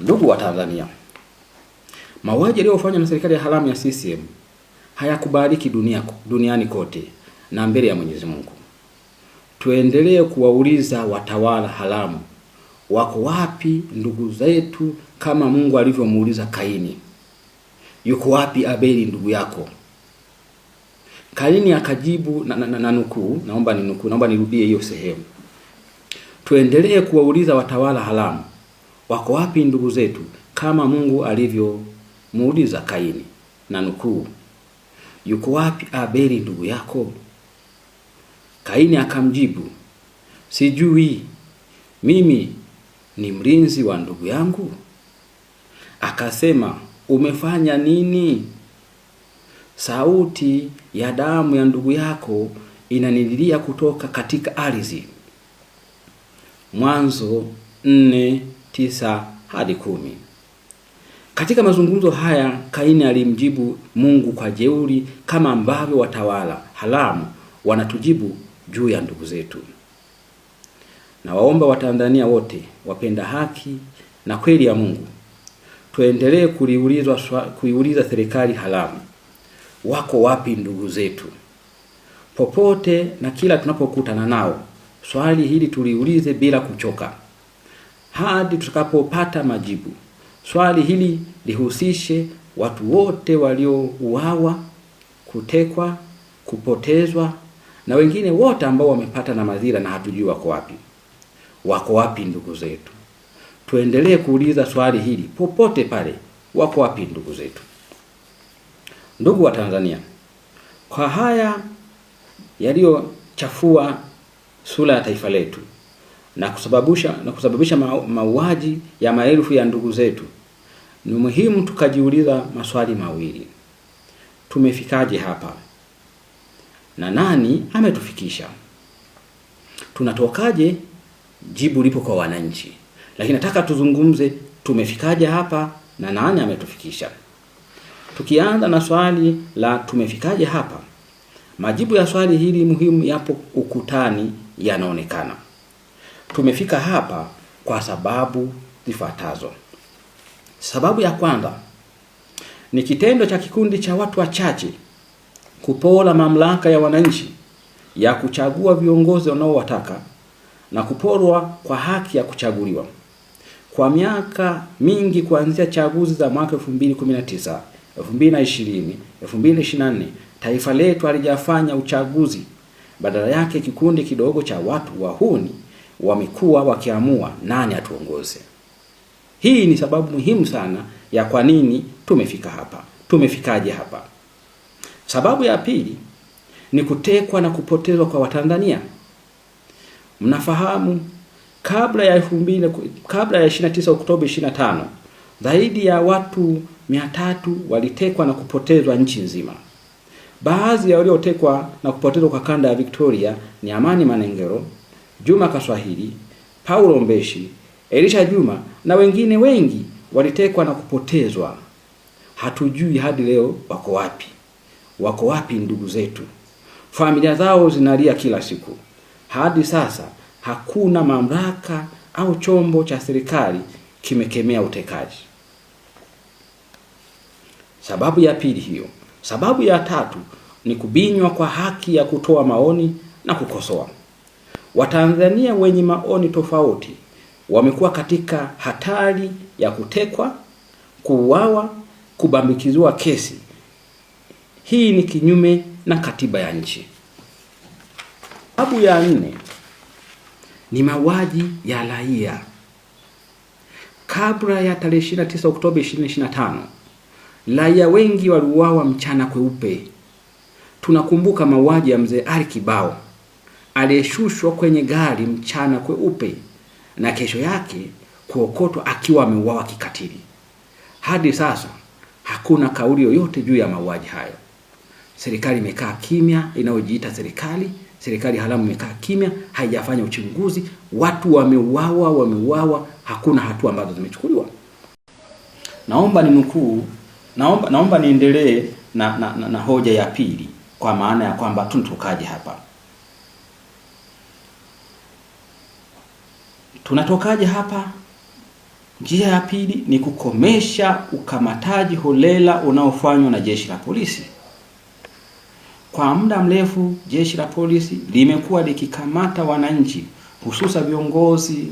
Ndugu wa Tanzania, mauaji yaliyofanywa na serikali ya haramu ya CCM hayakubaliki dunia, duniani kote na mbele ya Mwenyezi Mungu. Tuendelee kuwauliza watawala haramu wako wapi ndugu zetu, kama Mungu alivyomuuliza Kaini, yuko wapi Abeli ndugu yako? Kaini akajibu na, na, na, na nukuu, naomba ni nukuu, naomba nirudie hiyo sehemu. Tuendelee kuwauliza watawala haramu Wako wapi ndugu zetu kama Mungu alivyomuuliza Kaini? Na nukuu, yuko wapi Abeli ndugu yako? Kaini akamjibu, sijui, mimi ni mlinzi wa ndugu yangu. Akasema, umefanya nini? Sauti ya damu ya ndugu yako inanililia kutoka katika ardhi. Mwanzo tisa hadi kumi. Katika mazungumzo haya Kaini alimjibu Mungu kwa jeuri kama ambavyo watawala haramu wanatujibu juu ya ndugu zetu. Na waomba Watanzania wote wapenda haki na kweli ya Mungu tuendelee kuliulizwa kuiuliza serikali haramu, wako wapi ndugu zetu? Popote na kila tunapokutana nao, swali hili tuliulize bila kuchoka hadi tutakapopata majibu. Swali hili lihusishe watu wote waliouawa, kutekwa, kupotezwa na wengine wote ambao wamepata na madhira na hatujui wako wapi. Wako wapi ndugu zetu? Tuendelee kuuliza swali hili popote pale, wako wapi ndugu zetu? Ndugu wa Tanzania, kwa haya yaliyochafua sura ya taifa letu na kusababisha na kusababisha mauaji ya maelfu ya ndugu zetu, ni muhimu tukajiuliza maswali mawili: tumefikaje hapa na nani ametufikisha? Tunatokaje? Jibu lipo kwa wananchi, lakini nataka tuzungumze, tumefikaje hapa na nani ametufikisha? Tukianza na swali la tumefikaje hapa, majibu ya swali hili muhimu yapo ukutani, yanaonekana. Tumefika hapa kwa sababu zifuatazo. Sababu ya kwanza ni kitendo cha kikundi cha watu wachache kupola mamlaka ya wananchi ya kuchagua viongozi wanaowataka na kuporwa kwa haki ya kuchaguliwa. Kwa miaka mingi kuanzia chaguzi za mwaka 2019, 2020, 2024 taifa letu halijafanya uchaguzi. Badala yake kikundi kidogo cha watu wahuni wamekuwa wakiamua nani atuongoze. Hii ni sababu muhimu sana ya kwa nini tumefika hapa. Tumefikaje hapa? Sababu ya pili ni kutekwa na kupotezwa kwa Watanzania. Mnafahamu kabla ya 2000 kabla ya 29 Oktoba 25 zaidi ya watu 300 walitekwa na kupotezwa nchi nzima. Baadhi ya waliotekwa na kupotezwa kwa kanda ya Victoria ni Amani Manengero Juma Kaswahili, Paulo Mbeshi, Elisha Juma na wengine wengi walitekwa na kupotezwa. Hatujui hadi leo wako wapi. Wako wapi ndugu zetu? Familia zao zinalia kila siku. Hadi sasa hakuna mamlaka au chombo cha serikali kimekemea utekaji. Sababu ya pili hiyo. Sababu ya tatu ni kubinywa kwa haki ya kutoa maoni na kukosoa. Watanzania wenye maoni tofauti wamekuwa katika hatari ya kutekwa, kuuawa, kubambikiziwa kesi. Hii ni kinyume na katiba ya nchi. Sababu ya nne ni mauaji ya raia. Kabla ya tarehe 29 Oktoba 2025 raia wengi waliuawa mchana kweupe. Tunakumbuka mauaji ya mzee Ali Kibao aliyeshushwa kwenye gari mchana kweupe na kesho yake kuokotwa akiwa ameuawa kikatili. Hadi sasa hakuna kauli yoyote juu ya mauaji hayo. Serikali imekaa kimya, inayojiita serikali serikali haramu imekaa kimya, haijafanya uchunguzi. Watu wameuawa, wameuawa, hakuna hatua ambazo zimechukuliwa. Naomba ninukuu, naomba, naomba niendelee na, na, na, na hoja ya pili, kwa maana ya kwamba tunatokaje hapa. tunatokaje hapa? Njia ya pili ni kukomesha ukamataji holela unaofanywa na jeshi la polisi. Kwa muda mrefu jeshi la polisi limekuwa likikamata wananchi, hususa viongozi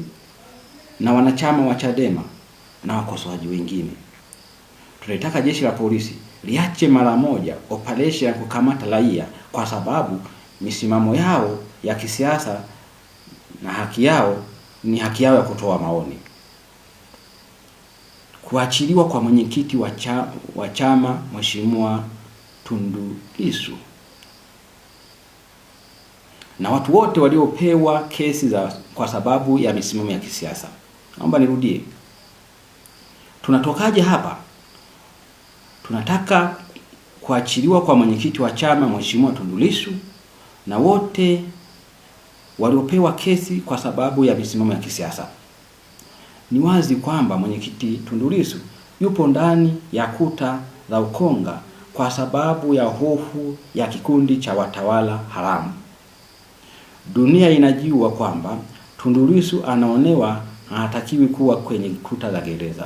na wanachama wa Chadema na wakosoaji wengine. Tunataka jeshi la polisi liache mara moja operation ya kukamata raia, kwa sababu misimamo yao ya kisiasa na haki yao ni haki yao ya kutoa maoni. Kuachiliwa kwa mwenyekiti wa chama Mheshimiwa Tundu Lissu na watu wote waliopewa kesi za kwa sababu ya misimamo ya kisiasa. Naomba nirudie, tunatokaje hapa? Tunataka kuachiliwa kwa mwenyekiti wa chama Mheshimiwa Tundu Lissu na wote waliopewa kesi kwa sababu ya misimamo ya kisiasa. Ni wazi kwamba mwenyekiti Tundu Lissu yupo ndani ya kuta za ukonga kwa sababu ya hofu ya kikundi cha watawala haramu. Dunia inajua kwamba Tundu Lissu anaonewa, hatakiwi kuwa kwenye kuta za gereza.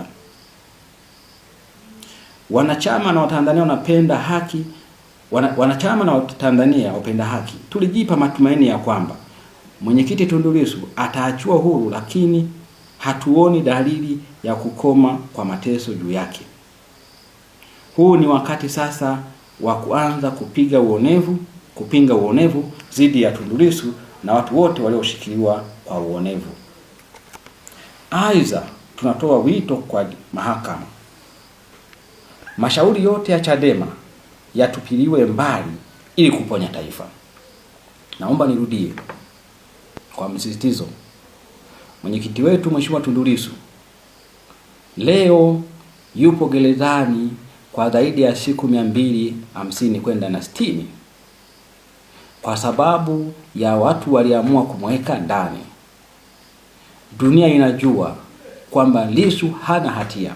Wanachama na Watanzania wanapenda haki, wana, wanachama na Watanzania wapenda haki tulijipa matumaini ya kwamba mwenyekiti Tundu Lissu ataachua huru, lakini hatuoni dalili ya kukoma kwa mateso juu yake. Huu ni wakati sasa wa kuanza kupiga uonevu, kupinga uonevu dhidi ya Tundu Lissu na watu wote walioshikiliwa kwa uonevu. Aidha, tunatoa wito kwa mahakama, mashauri yote ya Chadema yatupiliwe mbali ili kuponya taifa. Naomba nirudie kwa msisitizo, mwenyekiti wetu Mheshimiwa tundulisu leo yupo gerezani kwa zaidi ya siku mia mbili hamsini kwenda na stini kwa sababu ya watu waliamua kumweka ndani. Dunia inajua kwamba lisu hana hatia.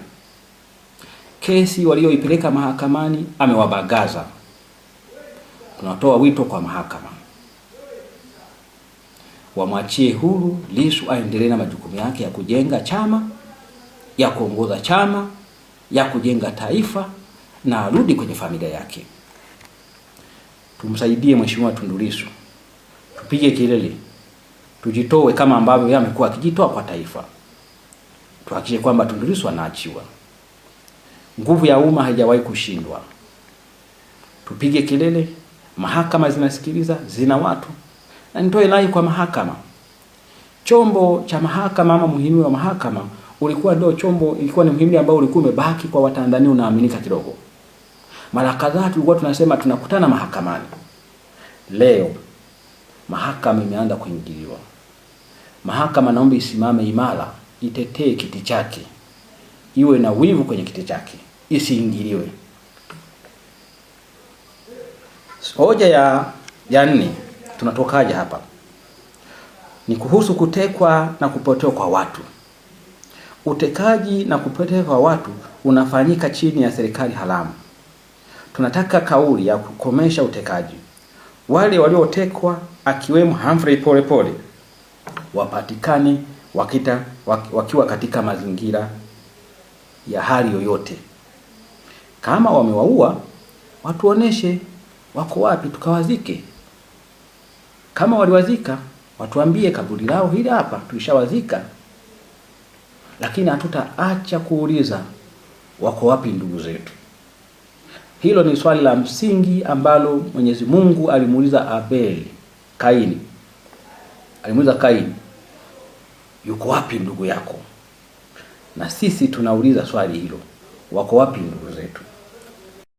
Kesi walioipeleka mahakamani amewabagaza. Tunatoa wito kwa mahakama wamwachie huru Lissu aendelee na majukumu yake ya kujenga chama, ya kuongoza chama, ya kujenga taifa na arudi kwenye familia yake. Tumsaidie Mheshimiwa Tundu Lissu, tupige kelele, tujitoe kama ambavyo yeye amekuwa akijitoa kwa taifa. Tuhakikishe kwamba Tundu Lissu anaachiwa. Nguvu ya umma haijawahi kushindwa. Tupige kelele, mahakama zinasikiliza, zina watu na nitoe rai kwa mahakama. Chombo cha mahakama ama muhimili wa mahakama ulikuwa ndio chombo, ilikuwa ni muhimili ambao ulikuwa umebaki kwa Watanzania, unaaminika kidogo. Mara kadhaa tulikuwa tunasema tunakutana mahakamani. Leo mahakama imeanza kuingiliwa. Mahakama naomba isimame imara, itetee kiti chake, iwe na wivu kwenye kiti chake, isiingiliwe. Hoja ya ya nne tunatokaje hapa? Ni kuhusu kutekwa na kupotea kwa watu. Utekaji na kupotea kwa watu unafanyika chini ya serikali haramu. Tunataka kauli ya kukomesha utekaji. Wale waliotekwa akiwemo Humphrey Polepole wapatikane wakita, wakiwa katika mazingira ya hali yoyote. Kama wamewaua watuoneshe wako wapi, tukawazike. Kama waliwazika watuambie kaburi lao hili hapa, tulishawazika. Lakini hatutaacha kuuliza wako wapi ndugu zetu. Hilo ni swali la msingi ambalo Mwenyezi Mungu alimuuliza Abeli, Kaini, alimuuliza Kaini, yuko wapi ndugu yako? Na sisi tunauliza swali hilo, wako wapi ndugu zetu?